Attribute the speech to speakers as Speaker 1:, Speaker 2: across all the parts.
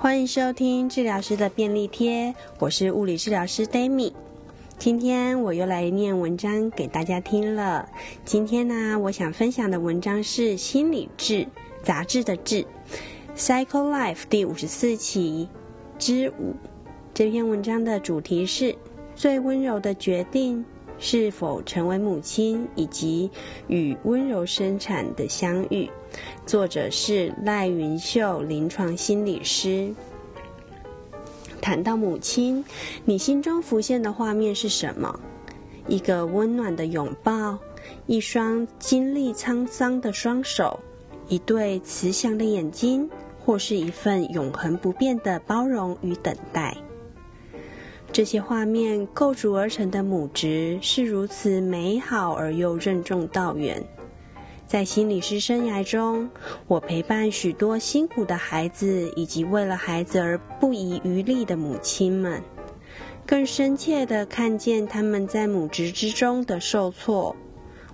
Speaker 1: 歡迎收聽治療師的便利貼，我是物理治療師 Damie，今天我又來念文章給大家聽了。今天呢，我想分享的文章是《心理志》雜誌的志，Life 第54期《Psycho Life》第五十四期之五。這篇文章的主題是“最溫柔的決定”。是否成為母親，以及與溫柔生產的相遇。作者是賴雲秀，臨床心理師。談到母親，你心中浮現的畫面是什麼？一個溫暖的擁抱，一雙經歷滄桑的雙手，一對慈祥的眼睛，或是一份永恆不變的包容與等待。這些畫面構築而成的母職是如此美好而又任重道遠。在心理師生涯中，我陪伴許多辛苦的孩子以及為了孩子而不遺餘力的母親們，更深切地看見他們在母職之中的受挫、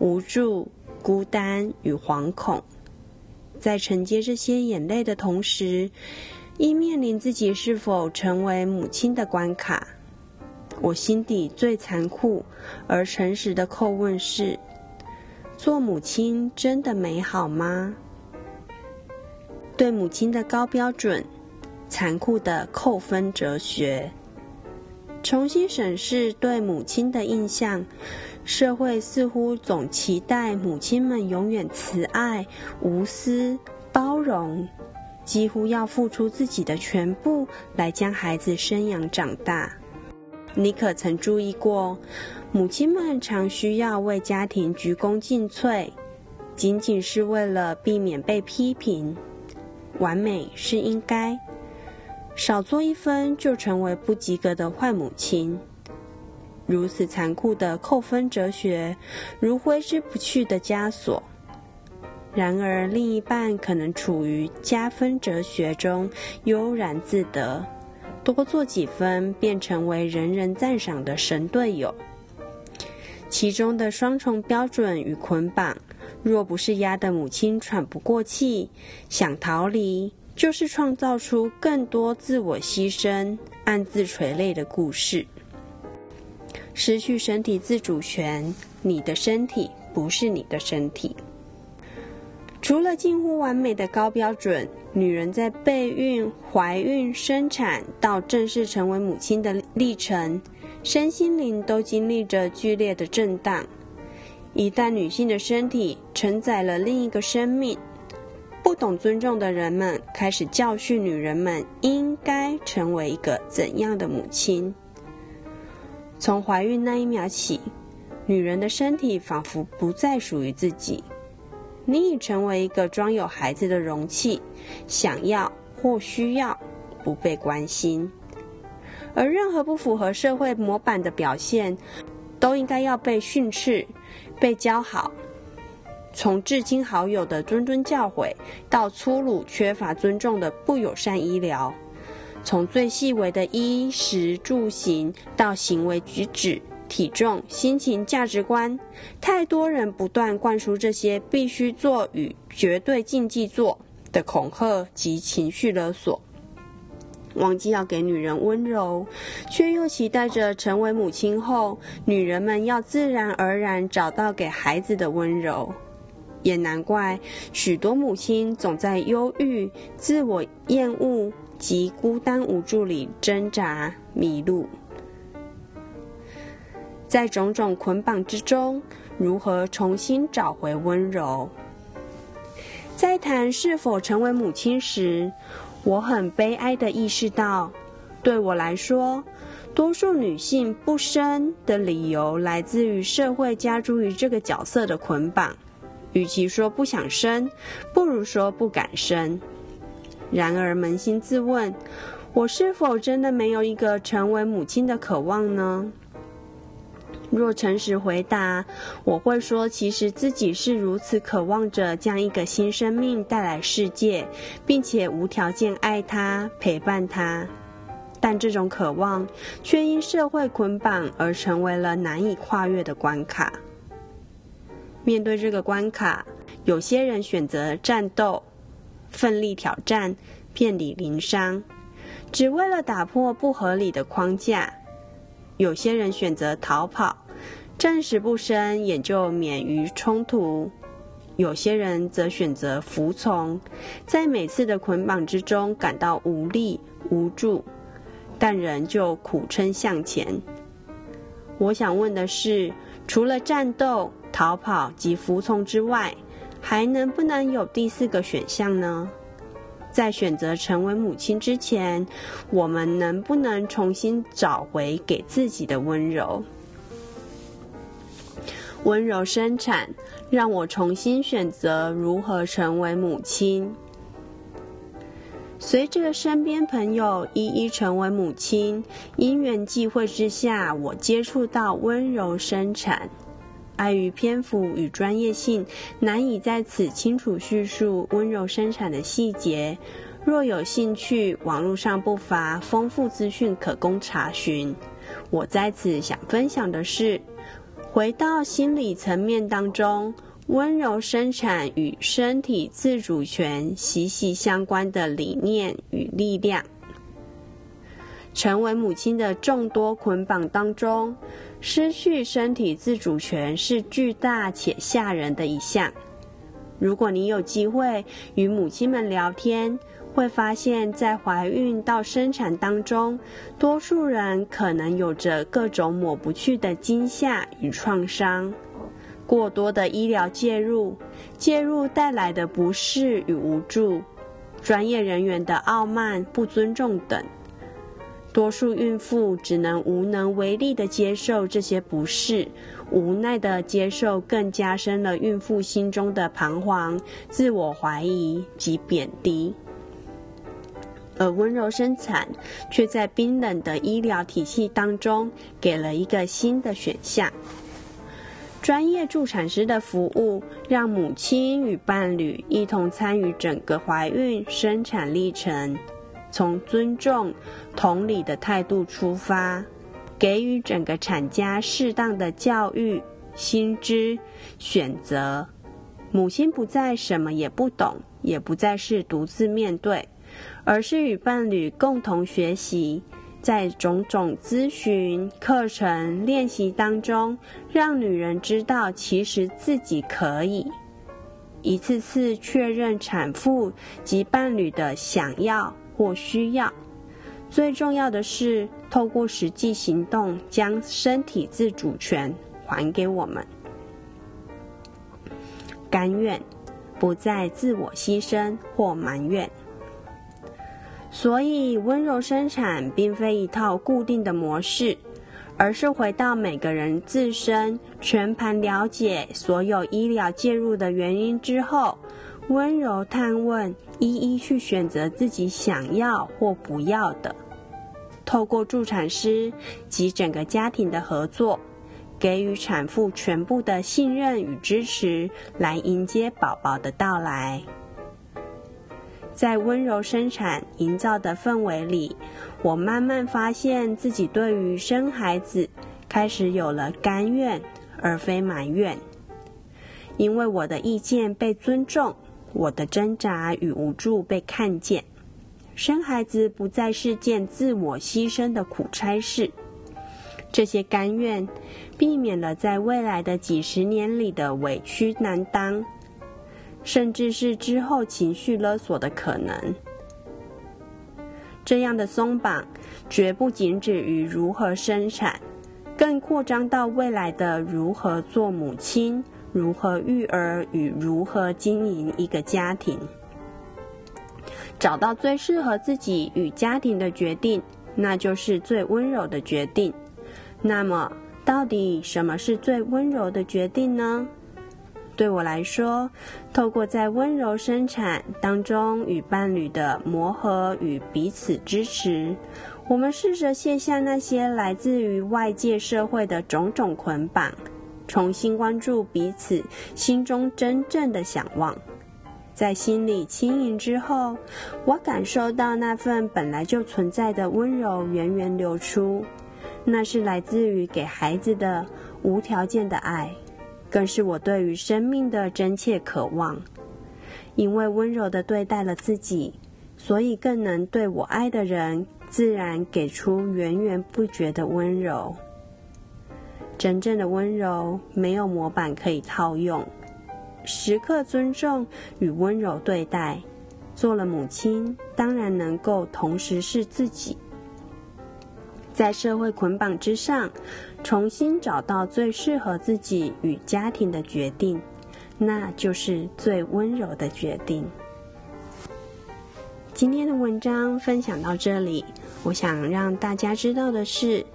Speaker 1: 無助、孤單與惶恐。在承接這些眼淚的同時，亦面臨自己是否成為母親的關卡。我心底最殘酷而誠實的叩問是，做母親真的美好嗎？對母親的高標準、殘酷的扣分哲學，重新審視對母親的印象。社會似乎總期待母親們永遠慈愛、無私、包容，幾乎要付出自己的全部來將孩子生養長大。你可曾注意過，母親們常需要為家庭鞠躬盡瘁，僅僅是為了避免被批評。完美是應該，少做一分就成為不及格的壞母親。如此殘酷的扣分哲學，如揮之不去的枷鎖。然而，另一半可能處於加分哲學中，悠然自得。多做幾分，便成為人人讚賞的神隊友。其中的雙重標準與綑綁，若不是壓得母親喘不過氣，想逃離，就是創造出更多自我犧牲、暗自垂淚的故事。失去身體自主權，你的身體不是你的身體。除了近乎完美的高標準，女人在備孕、懷孕、生產到正式成為母親的歷程，身心靈都經歷着劇烈的震盪。一旦女性的身體承載了另一個生命，不懂尊重的人們開始教訓女人們應該成為一個怎樣的母親。從懷孕那一秒起，女人的身體仿佛不再屬於自己。你已成為一個裝有孩子的容器，想要或需要不被關心，而任何不符合社會模板的表現，都應該要被訓斥、被教好。從至親好友的諄諄教誨，到粗魯缺乏尊重的不友善醫療，從最細微的衣食住行到行為舉止。體重、心情、價值觀，太多人不斷灌輸這些必須做與絕對禁忌做的恐嚇及情緒勒索。忘記要給女人溫柔，卻又期待着成為母親後，女人們要自然而然找到給孩子的溫柔。也難怪許多母親總在憂鬱、自我厭惡及孤單無助裡掙扎迷路。在種種捆綁之中，如何重新找回溫柔？在談是否成為母親時，我很悲哀地意識到，對我來說，多數女性不生的理由來自於社會加諸於這個角色的捆綁。與其說不想生，不如說不敢生。然而，捫心自問，我是否真的沒有一個成為母親的渴望呢？若誠實回答，我會說，其實自己是如此渴望着將一個新生命帶來世界，並且無條件愛他、陪伴他。但這種渴望卻因社會捆綁而成為了難以跨越的關卡。面對這個關卡，有些人選擇戰鬥，奮力挑戰，遍體鱗傷，只為了打破不合理的框架。有些人選擇逃跑，暫時不生也就免於衝突；有些人則選擇服從，在每次的捆綁之中感到無力無助，但仍舊苦撐向前。我想問的是，除了戰鬥、逃跑及服從之外，還能不能有第四個選項呢？在選擇成為母親之前，我們能不能重新找回給自己的溫柔？溫柔生產讓我重新選擇如何成為母親。隨着身邊朋友一一成為母親，因緣際會之下，我接觸到溫柔生產。礙於篇幅與專業性，難以在此清楚敘述溫柔生產的細節。若有興趣，網絡上不乏豐富資訊可供查詢。我在此想分享的是，回到心理層面當中，溫柔生產與身體自主權息息相關的理念與力量。成為母親的眾多捆綁當中，失去身體自主權是巨大且嚇人的一項。如果你有機會與母親們聊天，會發現，在懷孕到生產當中，多數人可能有着各種抹不去的驚嚇與創傷，過多的醫療介入，介入帶來的不適與無助，專業人員的傲慢、不尊重等。多數孕婦只能無能為力的接受這些不適，無奈的接受更加深了孕婦心中的彷徨、自我懷疑及貶低，而溫柔生產卻在冰冷的醫療體系當中給了一個新的選項。專業助產師的服務讓母親與伴侶一同參與整個懷孕生產歷程。從尊重、同理的態度出發，給予整個產家適當的教育、新知、選擇。母親不再什麼也不懂，也不再是獨自面對，而是與伴侶共同學習，在種種諮詢、課程、練習當中，讓女人知道其實自己可以。一次次確認產婦及伴侶的想要，或需要，最重要的是透過實際行動，將身體自主權還給我們，甘願不再自我犧牲或埋怨。所以，溫柔生產並非一套固定的模式，而是回到每個人自身，全盤了解所有醫療介入的原因之後。溫柔探問，一一去選擇自己想要或不要的。透過助產師及整個家庭的合作，給予產婦全部的信任與支持，來迎接寶寶的到來。在溫柔生產營造的氛圍裡，我慢慢發現自己對於生孩子開始有了甘願，而非埋怨，因為我的意見被尊重。我的掙扎與無助被看見，生孩子不再是件自我犧牲的苦差事。這些甘願，避免了在未來的幾十年裡的委屈難當，甚至是之後情緒勒索的可能。這樣的鬆綁，絕不僅止於如何生產，更擴張到未來的如何做母親。如何育兒與如何經營一個家庭，找到最適合自己與家庭的決定，那就是最溫柔的決定。那麼，到底什麼是最溫柔的決定呢？對我來說，透過在溫柔生產當中與伴侶的磨合與彼此支持，我們試着卸下那些來自於外界社會的種種捆綁。重新關注彼此心中真正的想望，在心裡輕盈之後，我感受到那份本來就存在的溫柔源源流出。那是來自於給孩子的無條件的愛，更是我對於生命的真切渴望。因為溫柔地對待了自己，所以更能對我愛的人自然給出源源不絕的溫柔。真正的溫柔沒有模板可以套用，時刻尊重與溫柔對待。做了母親，當然能夠同時是自己，在社會綑綁之上，重新找到最適合自己與家庭的決定，那就是最溫柔的決定。今天的文章分享到這裡，我想讓大家知道的是。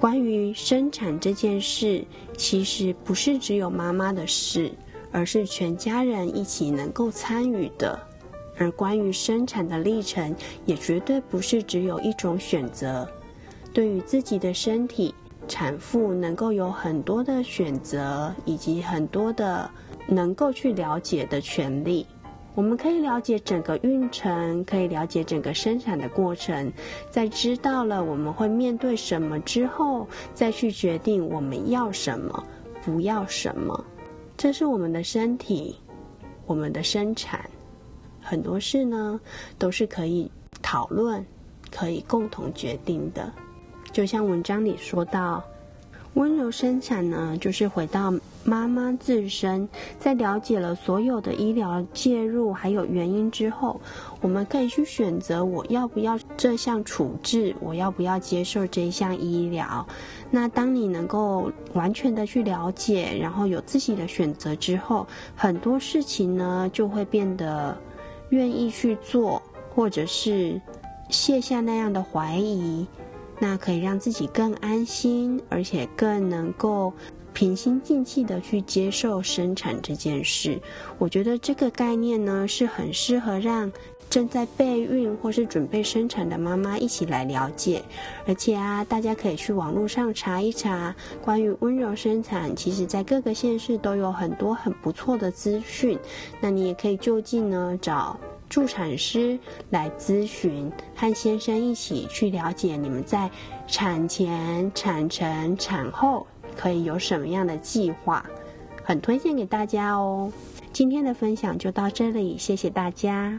Speaker 1: 關於生產這件事，其實不是只有媽媽的事，而是全家人一起能夠參與的。而關於生產的歷程，也絕對不是只有一種選擇。對於自己的身體，產婦能夠有很多的選擇，以及很多的能夠去了解的權利。我們可以了解整個孕程，可以了解整個生產的過程，在知道了我們會面對什麼之後，再去決定我們要什麼，不要什麼。這是我們的身體，我們的生產，很多事呢都是可以討論，可以共同決定的。就像文章裡說到。溫柔生產呢，就是回到媽媽自身，在了解了所有的醫療介入還有原因之後，我們可以去選擇我要不要這項處置，我要不要接受這一項醫療。那當你能夠完全的去了解，然後有自己的選擇之後，很多事情呢就會變得願意去做，或者是卸下那樣的懷疑。那可以讓自己更安心，而且更能夠平心靜氣的去接受生產這件事。我覺得這個概念呢，是很適合讓正在備孕或是準備生產的媽媽一起來了解。而且啊，大家可以去網絡上查一查，關於溫柔生產，其實在各個縣市都有很多很不錯的資訊。那你也可以就近呢找。助產師來諮詢，和先生一起去了解你們在產前、產程、產後可以有什麼樣的計劃，很推薦給大家哦。今天的分享就到這裡，謝謝大家。